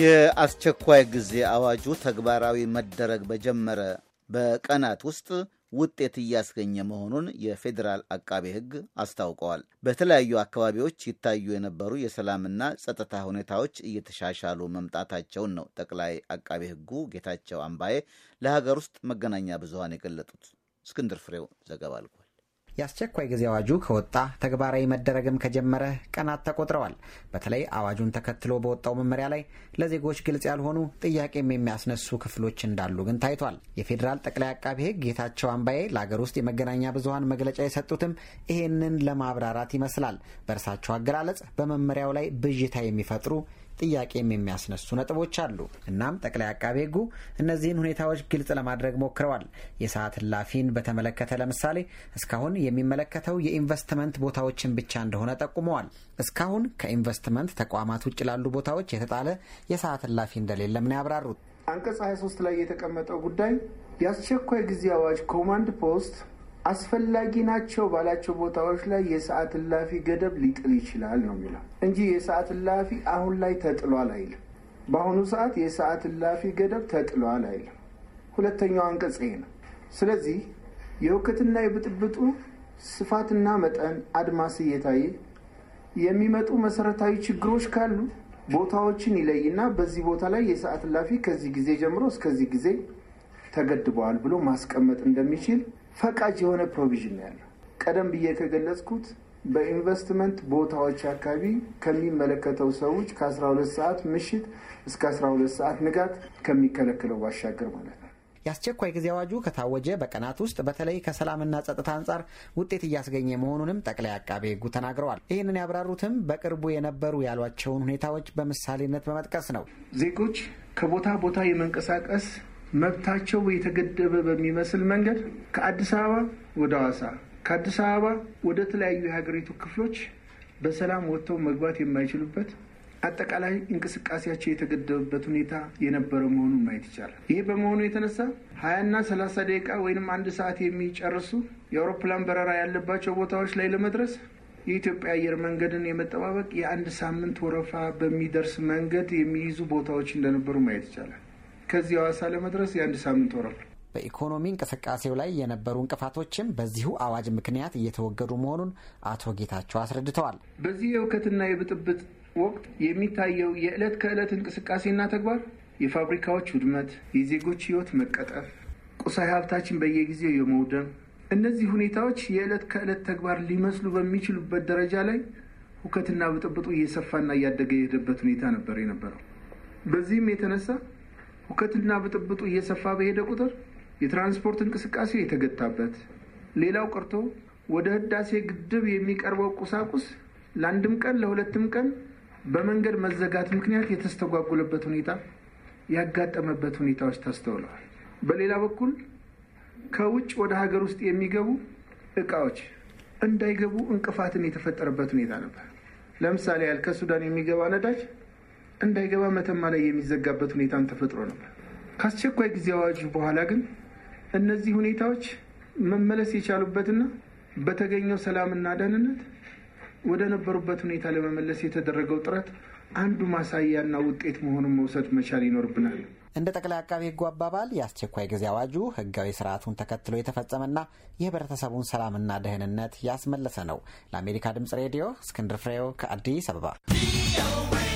የአስቸኳይ ጊዜ አዋጁ ተግባራዊ መደረግ በጀመረ በቀናት ውስጥ ውጤት እያስገኘ መሆኑን የፌዴራል አቃቤ ሕግ አስታውቀዋል። በተለያዩ አካባቢዎች ይታዩ የነበሩ የሰላምና ጸጥታ ሁኔታዎች እየተሻሻሉ መምጣታቸውን ነው ጠቅላይ አቃቤ ሕጉ ጌታቸው አምባዬ ለሀገር ውስጥ መገናኛ ብዙኃን የገለጡት። እስክንድር ፍሬው ዘገባ አልኩ። የአስቸኳይ ጊዜ አዋጁ ከወጣ ተግባራዊ መደረግም ከጀመረ ቀናት ተቆጥረዋል። በተለይ አዋጁን ተከትሎ በወጣው መመሪያ ላይ ለዜጎች ግልጽ ያልሆኑ ጥያቄም የሚያስነሱ ክፍሎች እንዳሉ ግን ታይቷል። የፌዴራል ጠቅላይ አቃቤ ሕግ ጌታቸው አምባዬ ለአገር ውስጥ የመገናኛ ብዙኃን መግለጫ የሰጡትም ይህንን ለማብራራት ይመስላል። በእርሳቸው አገላለጽ በመመሪያው ላይ ብዥታ የሚፈጥሩ ጥያቄም የሚያስነሱ ነጥቦች አሉ። እናም ጠቅላይ አቃቤ ሕጉ እነዚህን ሁኔታዎች ግልጽ ለማድረግ ሞክረዋል። የሰዓት እላፊን በተመለከተ ለምሳሌ እስካሁን የሚመለከተው የኢንቨስትመንት ቦታዎችን ብቻ እንደሆነ ጠቁመዋል። እስካሁን ከኢንቨስትመንት ተቋማት ውጭ ላሉ ቦታዎች የተጣለ የሰዓት እላፊ እንደሌለም ነው ያብራሩት። አንቀጽ 23 ላይ የተቀመጠው ጉዳይ የአስቸኳይ ጊዜ አዋጅ ኮማንድ ፖስት አስፈላጊ ናቸው ባላቸው ቦታዎች ላይ የሰዓት እላፊ ገደብ ሊጥል ይችላል ነው የሚለው እንጂ የሰዓት እላፊ አሁን ላይ ተጥሏል አይልም። በአሁኑ ሰዓት የሰዓት እላፊ ገደብ ተጥሏል አይልም። ሁለተኛው አንቀጽ ይሄ ነው። ስለዚህ የውከትና የብጥብጡ ስፋትና መጠን አድማስ እየታየ የሚመጡ መሰረታዊ ችግሮች ካሉ ቦታዎችን ይለይና በዚህ ቦታ ላይ የሰዓት እላፊ ከዚህ ጊዜ ጀምሮ እስከዚህ ጊዜ ተገድበዋል ብሎ ማስቀመጥ እንደሚችል ፈቃጅ የሆነ ፕሮቪዥን ነው ያለው። ቀደም ብዬ ከገለጽኩት በኢንቨስትመንት ቦታዎች አካባቢ ከሚመለከተው ሰዎች ከ12 ሰዓት ምሽት እስከ 12 ሰዓት ንጋት ከሚከለክለው ባሻገር ማለት ነው። የአስቸኳይ ጊዜ አዋጁ ከታወጀ በቀናት ውስጥ በተለይ ከሰላምና ጸጥታ አንጻር ውጤት እያስገኘ መሆኑንም ጠቅላይ አቃቤ ሕጉ ተናግረዋል። ይህንን ያብራሩትም በቅርቡ የነበሩ ያሏቸውን ሁኔታዎች በምሳሌነት በመጥቀስ ነው። ዜጎች ከቦታ ቦታ የመንቀሳቀስ መብታቸው የተገደበ በሚመስል መንገድ ከአዲስ አበባ ወደ ሐዋሳ፣ ከአዲስ አበባ ወደ ተለያዩ የሀገሪቱ ክፍሎች በሰላም ወጥተው መግባት የማይችሉበት አጠቃላይ እንቅስቃሴያቸው የተገደበበት ሁኔታ የነበረ መሆኑን ማየት ይቻላል። ይህ በመሆኑ የተነሳ ሀያና ሰላሳ ደቂቃ ወይም አንድ ሰዓት የሚጨርሱ የአውሮፕላን በረራ ያለባቸው ቦታዎች ላይ ለመድረስ የኢትዮጵያ አየር መንገድን የመጠባበቅ የአንድ ሳምንት ወረፋ በሚደርስ መንገድ የሚይዙ ቦታዎች እንደነበሩ ማየት ይቻላል። ከዚህ ሐዋሳ ለመድረስ የአንድ ሳምንት ወራል። በኢኮኖሚ እንቅስቃሴው ላይ የነበሩ እንቅፋቶችም በዚሁ አዋጅ ምክንያት እየተወገዱ መሆኑን አቶ ጌታቸው አስረድተዋል። በዚህ የእውከትና የብጥብጥ ወቅት የሚታየው የዕለት ከዕለት እንቅስቃሴና ተግባር የፋብሪካዎች ውድመት፣ የዜጎች ሕይወት መቀጠፍ፣ ቁሳዊ ሀብታችን በየጊዜው የመውደም እነዚህ ሁኔታዎች የዕለት ከዕለት ተግባር ሊመስሉ በሚችሉበት ደረጃ ላይ ሁከትና ብጥብጡ እየሰፋና እያደገ የሄደበት ሁኔታ ነበር የነበረው። በዚህም የተነሳ ሁከትና ብጥብጡ እየሰፋ በሄደ ቁጥር የትራንስፖርት እንቅስቃሴ የተገታበት፣ ሌላው ቀርቶ ወደ ህዳሴ ግድብ የሚቀርበው ቁሳቁስ ለአንድም ቀን ለሁለትም ቀን በመንገድ መዘጋት ምክንያት የተስተጓጉለበት ሁኔታ ያጋጠመበት ሁኔታዎች ተስተውለዋል። በሌላ በኩል ከውጭ ወደ ሀገር ውስጥ የሚገቡ እቃዎች እንዳይገቡ እንቅፋትን የተፈጠረበት ሁኔታ ነበር። ለምሳሌ ያህል ከሱዳን የሚገባ ነዳጅ እንዳይገባ መተማ ላይ የሚዘጋበት ሁኔታም ተፈጥሮ ነበር። ከአስቸኳይ ጊዜ አዋጁ በኋላ ግን እነዚህ ሁኔታዎች መመለስ የቻሉበትና በተገኘው ሰላምና ደህንነት ወደ ነበሩበት ሁኔታ ለመመለስ የተደረገው ጥረት አንዱ ማሳያና ውጤት መሆኑን መውሰድ መቻል ይኖርብናል። እንደ ጠቅላይ አቃቢ ሕጉ አባባል የአስቸኳይ ጊዜ አዋጁ ሕጋዊ ስርዓቱን ተከትሎ የተፈጸመና የህብረተሰቡን ሰላምና ደህንነት ያስመለሰ ነው። ለአሜሪካ ድምጽ ሬዲዮ እስክንድር ፍሬው ከአዲስ አበባ